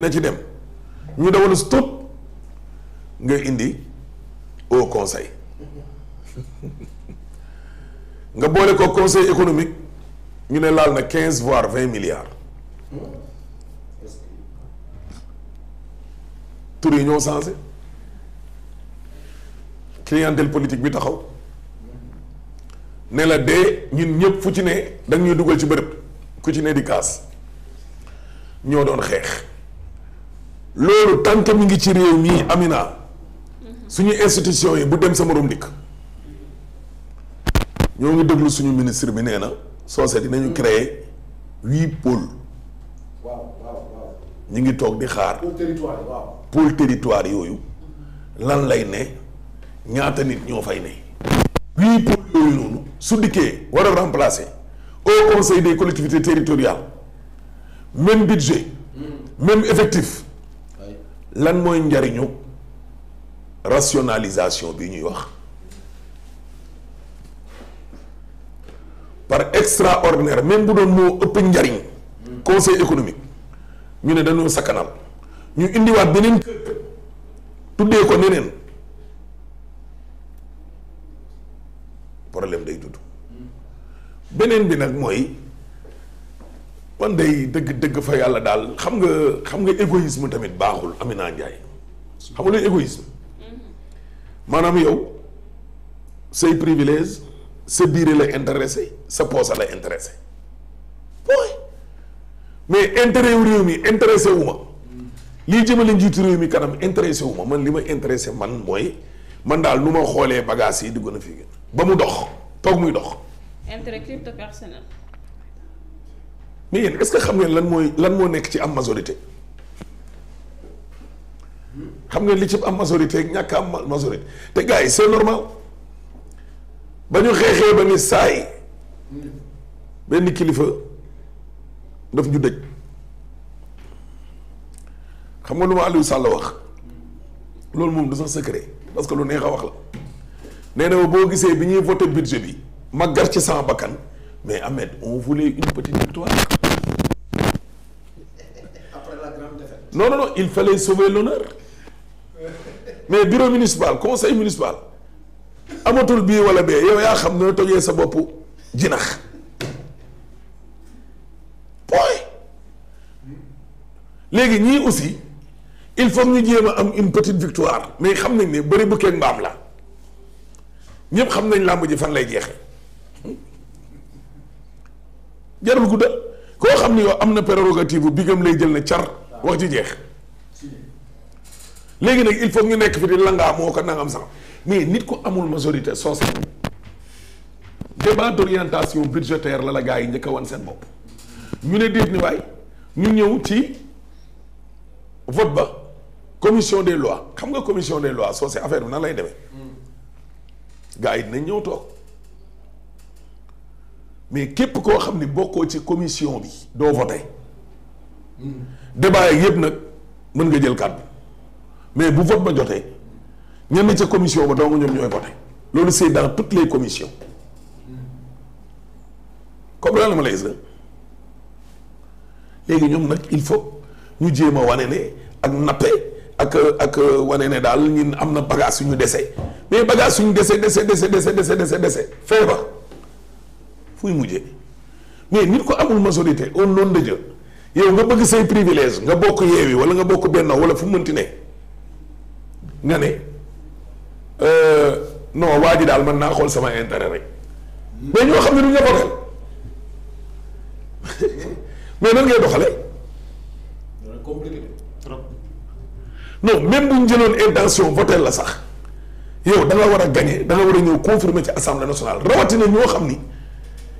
na ci dem ñu dawal stop nga indi au conseil nga boole ko conseil économique ñu ne laal na quinze voire vingt milliards tur yi ñoo changé clientèle politique bi taxaw ne la dee ñun ñëpp fu ci ne da ñuy dugal ci bërëb ku ci ne di kaas ñoo doon xeex. loolu tant que mi ngi ci réew mii Amina suñu institution yi bu dem sa morom dikk ñoo ngi déglu suñu ministre bi nee na soose dinañu créer huit pôles. waaw waaw ñu ngi toog di xaar. pôle territoire waaw. pôle yooyu lan lay ne ñaata nit ñoo fay ne. huit pôles yooyu noonu su dikkee war a remplacer au conseil des collectivités territoriales même budget hmm. même effectif. lan mooy njariñu rationalisation bi ñuy wax par extraordinaire même bu doon moo ëpp njariñ conseil économique ñu ne dañoo sakkanal ñu indiwaat beneen tuddee ko neneen problème day dudd beneen bi nag mooy man day dëgg dëgg fa yàlla daal xam nga xam nga égoïsme tamit baaxul Amina Ndiaye xam nga luy égoïsme mm-hmm. maanaam yow say privilège sa biir la intéressé sa poche la intéressé mais intérêt wu réew mi intéressé wu ma mm-hmm. lii jëmale njiitu réew mi kanam intéressé wu ma man li ma intéressé man mooy man daal lu ma xoolee bagages yi di gën a fi ba mu dox toog muy dox. intérêt crypto personnel. mais yéen est-ce que xam ngeen lan mooy lan moo nekk ci am majorité xam ngeen li ci am majorité ñàkk am majorité te gars yi c'est normal ba ñu xeexee ba ni saay benn kilifa daf ñu dëj xam nga lu ma Aliou Sall wax loolu moom du sax secret parce que lu neex a wax la nee na boo gisee bi ñuy voté budget bi ma gar ci sama bakkan mais Ahmed on voulait une petite victoire non non non il fallait sauver l'honneur mais bureau municipal conseil municipal amatul bii wala bee yow yaa xam ne tojee sa boppu jinax point léegi ñii aussi il faut ñu jéem a am une petite victoire mais xam nañ ne bëri bu kenn mbaam la ñëpp xam nañ làmb ji fan lay jeexe jarul guddal koo xam ne yow am na prérogative bu bigam lay jël na car wax ji jeex léegi nag il faut nga nekk fi di langaa moo ko nangam sax mais nit ko amul majorité soose débat d'orientation budgétaire la la gars yi njëkk wan seen bopp ñu ne déet ni waay ñu ñëw ci vote ba commission des lois xam nga commission des lois soose affaire bi na lay demee gars yi dinañ ñëw toog mais képp koo xam ni bokkoo ci commission bi doo voté débat yeeg yëpp nag mën nga jël kàddu mais bu vote ba jotee ñenn ca commission ba dong ñoom ñooy voté loolu c'est dans toutes les commissions comme la ma lay léegi ñoom nag il faut ñu jéem a wane ne ak nappe ak ak wane ne daal ñun am na bagage suñu dese mais bagage suñu dese dese dese dese dese dese dese feebar fuy mujjee mais nit ko amul majorité au nom de Dieu yow nga bëgg say privilège nga bokk yeewi wala nga bokk benn wala fu mënti ne nga ne euh, non waa ji daal man naa xool sama intérêt rek mais ñoo xam ne du ñu la mais nan ngay doxale compliqué trop non jëloon intention voter la sax yow da war a gagné da war a ñëw confirmer ci assemblée nationale rawatina ñoo xam ni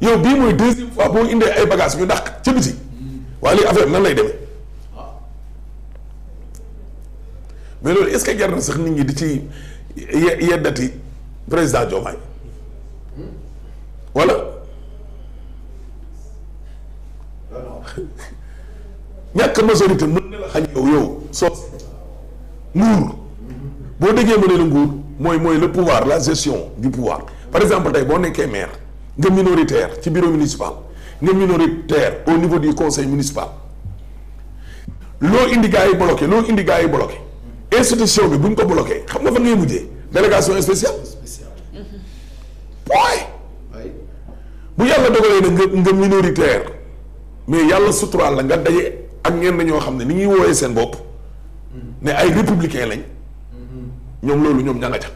yow bii mooy deuxième fois boo indee ay bagages ñu dàq ca biti waaye léegi affaire nan lay demee ah. mais loolu est-ce que jar na sax nit ngi di ci yeddati président Diomaye wala ñàkk majorité mën na la xañ yow yow soo nguur boo déggee ma ne la nguur mooy mooy le pouvoir la gestion du pouvoir par exemple tey boo nekkee maire nga minoritaire ci bureau municipal nga minoritaire au niveau du conseil municipal loo indi gars yi bloqué loo indi gars yi bloqué institution bi bu ñu ko bloqué xam nga fa ngay mujjee délégation spéciale. point bu yàlla dogalee na nga nga minoritaire mais yàlla suturaal la nga daje ak ngeen ñenn ñoo xam ne ni ñuy wooyee seen bopp ne ay républicain lañ mm-hmm. ñoom loolu ñoom ña ca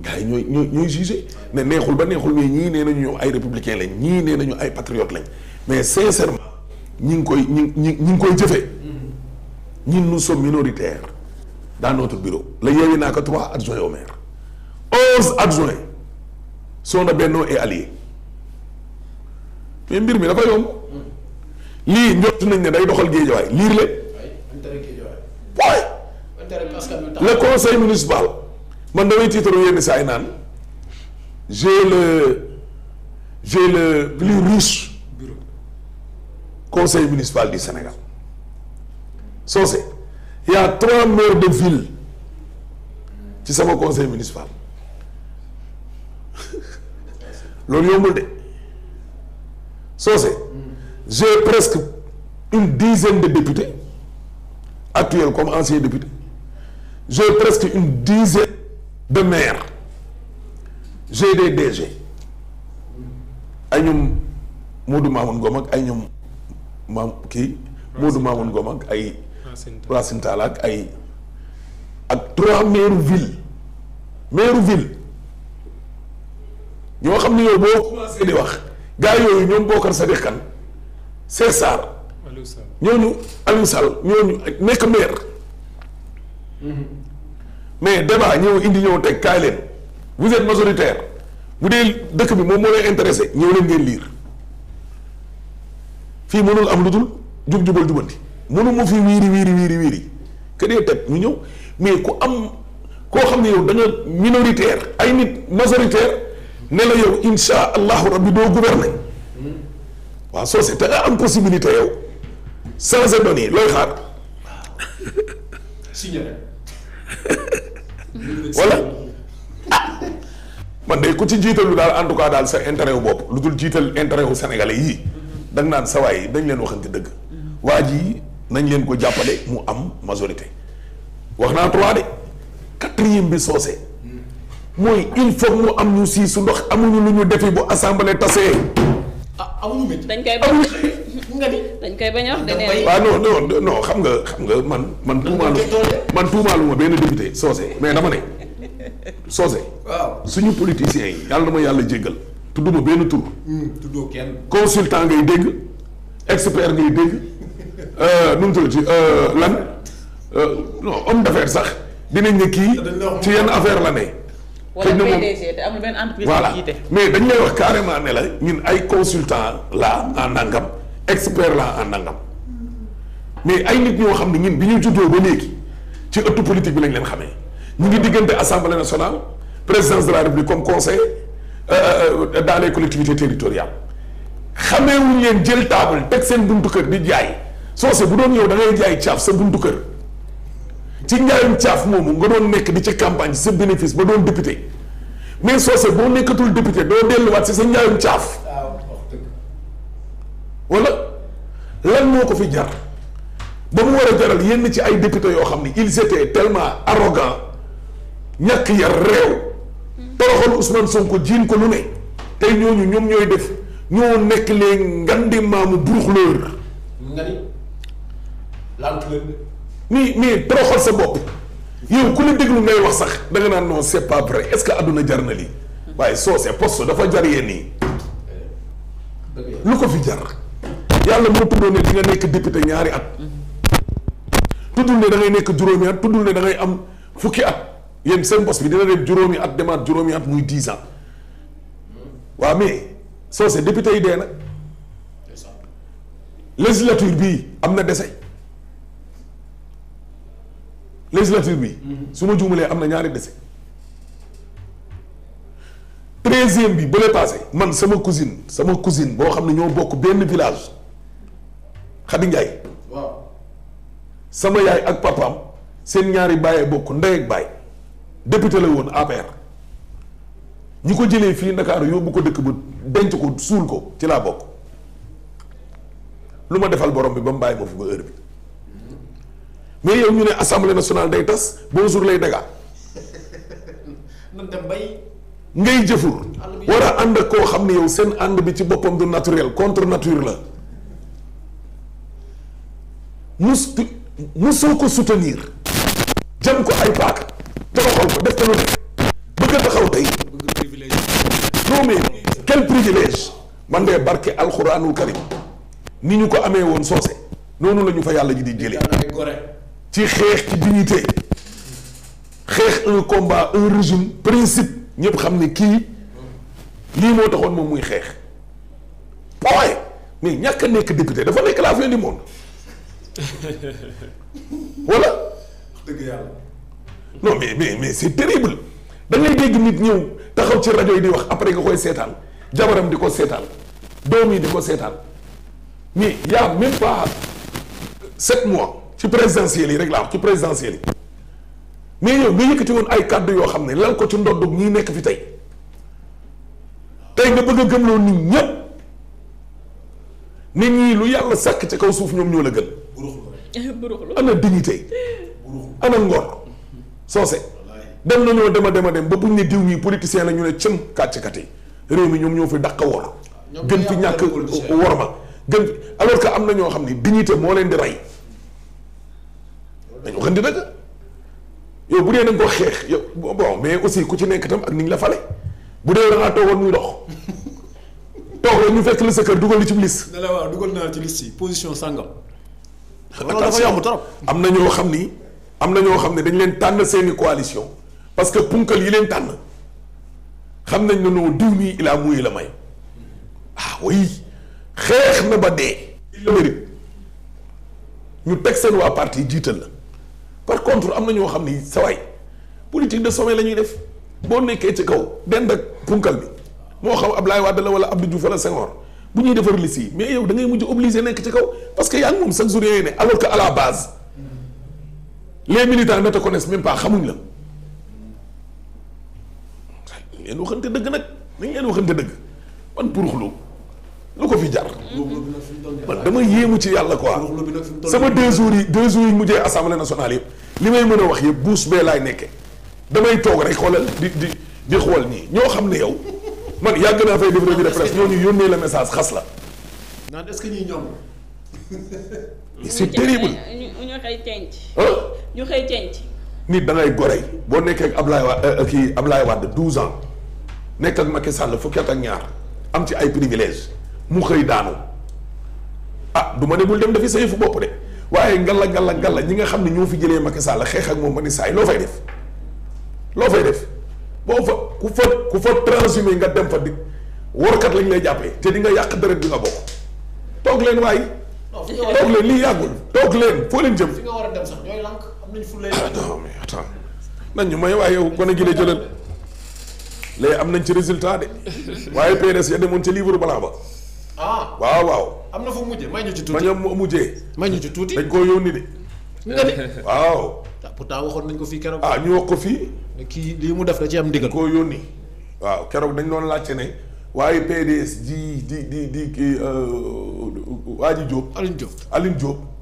gars yi ñooy ñooy ñooy jugé ne neexul ba neexul mais ñii nee nañu ñoom ay républicain lañ ñii nee nañu ay patriote lañ mais sincèrement ñi ngi koy ñi ngi koy jëfee ñun nous sommes minoritaires dans notre bureau la yeewi naa ko trois adjoints au maire onze adjoints sont de Benno mais mbir mi dafa yomb lii njortu nañ ne day doxal géejawaay liir le waaye le conseil municipal man damay tiitaroo yenn saa yi naan j'ai le j'ai le plus riche bureau conseil de du Sénégal Socé y trois maires de ville ci sama conseil municipal loolu yombul de Socé j'ai presque une dizaine de députés actuels comme anciens députés j'ai presque une dizaine de maire j'ai des DG ay ñoom Modou Mamoun Ngom ak ay ñoom maam kii Modou Mamoun Ngom ak ay Racine Talla ak ay ak trois maire ville maire ville ñoo xam ne yow boo commencé di wax gars yooyu ñoom Bokar Sadiq Kane Cheikh Sarr ñooñu Aliou ñooñu nekk maire mm-hmm. mais débat ñëw indi ñëw teg kaay leen vous majoritaire bu dee dëkk bi moom moo lay intéressé ñëw leen ngeen liir fii mënul am lu dul jub jubal jubanti mënu ma fi wiiri wiiri wiiri wiiri que dee ñu ñëw mais ku am koo xam ne yow da nga minoritaire ay nit majoritaire ne la yow insha allahu rabbi doo gouverner waaw soo seet da nga am possibilité yow sans données looy xaar. wala ah man de ku ci jiitalu daal en tout cas daal sa intérêt wu bopp lu dul jiital intérêt wu sénégalais yii dagg nga naan sawaay yi dañ leen waxante dëgg waa ji nañ leen ko jàppale mu am majorité wax naa trois de quatrième bi soose mooy il faut mu am ñu sii su ndox amuñu lu ñu defi bu assemblée tasee. ah amuñu dañ koy nga ni. dañ koy bañ a wax xam nga xam nga man man. tuumaalu man tuumaalu benn député soose mais dama ne soose. suñu politiciens yi yàlla ma yàlla jéggal. tudduma benn tur. Hmm, tuddoo kenn. consultant ngay dégg expert ngay dégg euh, nu mu tuddati euh, lan euh, non homme d'affaires sax dinañ ne kii ci yenn affaire la ne. xëy na moom te amul benn mais dañ lay wax carrément ne la ñun ay consultant la en expert la en nangam mais ay nit ñoo xam ne ñun bi ñu juddoo ba léegi ci ëttu politique bi lañ leen xamee ñu ngi diggante assemblée nationale présidence de la république comme conseil euh, euh, dans les collectivités territoriales xamee wuñ leen jël table teg seen buntu kër di jaay soose bu doon yow da ngay jaay caaf sa buntu kër ci njaayum caaf moomu nga doon nekk di ci campagne sa bénéfice ba doon député mais soose boo nekkatul député doo delluwaat si sa njaayum caaf. Ah. wala lan moo ko fi jar ba mu war a jaral yenn ci ay député yoo xam ni ils étaient tellement arrogants ñàkk yar réew toroxal Ousmane Sonko jiin ko lu ne tey ñooñu ñoom ñooy def ñoo nekk les ngandi maamu buruxleur nga ni lantulen nii nii toroxal sa bopp yow ku la déglu ngay wax sax danga nga naan non c'est est-ce que àdduna jar na lii waaye soo see poste dafa jar yéen nii eh, lu ko fi jar yàlla moo tuddoon ne di nga nekk député ñaari at tuddul ne da ngay nekk juróomi at tuddul ne da am fukki at yéen seen bos bi dina dem juróomi at demaat juróomi at muy dix ans waaw mais soo see député yi dee na législature bii am na dese législature bi su ma juumalee am na ñaari dese treizième bi ba lay passé man sama cousine sama cousine boo xam ne ñoo bokk benn village Xadi Njaay waaw sama yaay ak papaam seen ñaari bàyyee bokk ndey ak baay député la woon APR ñi ko jëlee fii Ndakaaru yóbbu ko dëkk bu denc ko suul ko ci laa bokk lu ma defal borom bi ba mu bàyyi ma fi ba heure bi mais yow ñu ne assemblée nationale day tas bonjour lay daga ngay jëfur war a ànd ak koo xam ne yow seen ànd bi ci boppam du naturel contre nature la mus musoo ko soutenir jëm ko ay paak tabaxal ko def ko lu ne bëgg a taxaw tey non mais quel privilège man de barke alxuraanul karim ni ñu ko amee woon soose noonu la ñu fa yàlla ji di jëlee ci xeex ci dignité xeex un combat un régime principe ñëpp xam ne kii lii moo taxoon moom muy xeex waaye mais ñàkk nekk député dafa nekk la fin du monde wala. dëgg yàlla. non mais mais mais c'est terrible da ngay dégg nit ñëw taxaw ci rajo yi di wax après nga koy seetaan jabaram di ko seetaan doom yi di ko seetaan mais y a même pas sept mois ci présidentielles yi rek laa wax ci présidentielles yi mais yow nga yëkkati woon ay kàddu yoo xam ne lal ko ci ndoddug ñi nekk fi tey tey nga bëgg a gëmloo nit ñépp nit ñi lu yàlla sàkk ci kaw suuf ñoom ñoo la gën. am ana dignité ana ngor soose dem nañoo dem a dem a dem ba buñ ne diw mii politicien la ñu ne cëm kàcckat yi réew mi ñoom ñoo fi dàq wor gën fi ñàkk wor ma gën alors que am na ñoo xam ne dignité moo leen di rey dañu xën di dëgg yow bu dee da nga ko xeex yow bon mais aussi ku ci nekk tam ak ni la fale bu dee da ngaa toogoon muy dox toog rek ñu fekk la sa kër dugal li ci liste. ne la dugal naa ci liste position sangam. loolu dafa yomb trop am na ñoo xam ni am na ñoo xam ne dañ leen tànn seeni coalition parce que punkal yi leen tànn xam nañ ne noo diw nii il a mouillé la may ah oui xeex na ba dee le mérite ñu teg seen waa partie jiital la par contre am na ñoo xam ni sawaay politique de sommet la ñuy def boo nekkee ci kaw dend ak punkal bi moo xam Ablaye Wade la wala Abdou Diouf wala Senghor bu ñuy defar liste mais yow dangay ngay mujj obligé nekk ca kaw parce que yaa ngi moom chaque jour yooyu ne alors que à la base les militants ne te connaissent même pas xamuñ la leen waxante dëgg nag nañ leen waxante dëgg man puruxlu lu ko fi jar damay dama yéemu ci yàlla quoi sama deux jours yi deux jours yi mujjee assemblée nationale yëpp li may mën a wax yëpp buus bee laay nekke damay toog rek xoolal di di di xool ñii ñoo xam ne yow man yàgg naa fay def revue de presse ñooñu yónnee la message xas la. naan est-ce ñuy ñoom. c'est terrible ñu ñu xëy tenc. ñu xëy tenc. nit da ngay gorey boo nekkee ak Ablaye Wade euh, kii Ablaye Wade douze ans nekk ak Macky Sall fukki ak ñaar am ci ay privilèges mu xëy daanu ah du ma ne bul dem dafi say fu bopp de waaye ngalla ngalla ngalla ñi nga xam ne ñoo fi jëlee Macky sàll xeex ak moom ma ni saay loo fay def loo fay def. boo fa ku fa ku fa transhumé nga dem fa di warkat lañ lay jàppee te di nga yàq deret bi nga bokk toog leen waay. toog leen lii yàggul toog leen foo leen jëm. fi nga war a dem sax ñooy lànk am nañ fu lay. Ah, non mais attends nañ ñu may waaye yow gone jëlal léegi am nañ ci résultat de waaye PDS ya demoon ci livre blanc ba. ah waaw waaw. am na fu mujjee may ñu ci tuuti ma ñu mujjee. may ñu ci tuuti dañ koo yónni de. nga ne waaw. Ah, pourtant waxoon nañ ko fii keroog. ah ñu wax ko fii. ne kii lii mu def da ci am ndigal. koo yónni waaw keroog dañ doon laajte ne waaye PDS di di di di kii euh, waa ji Diop. Alioune Diop Alioune Diop.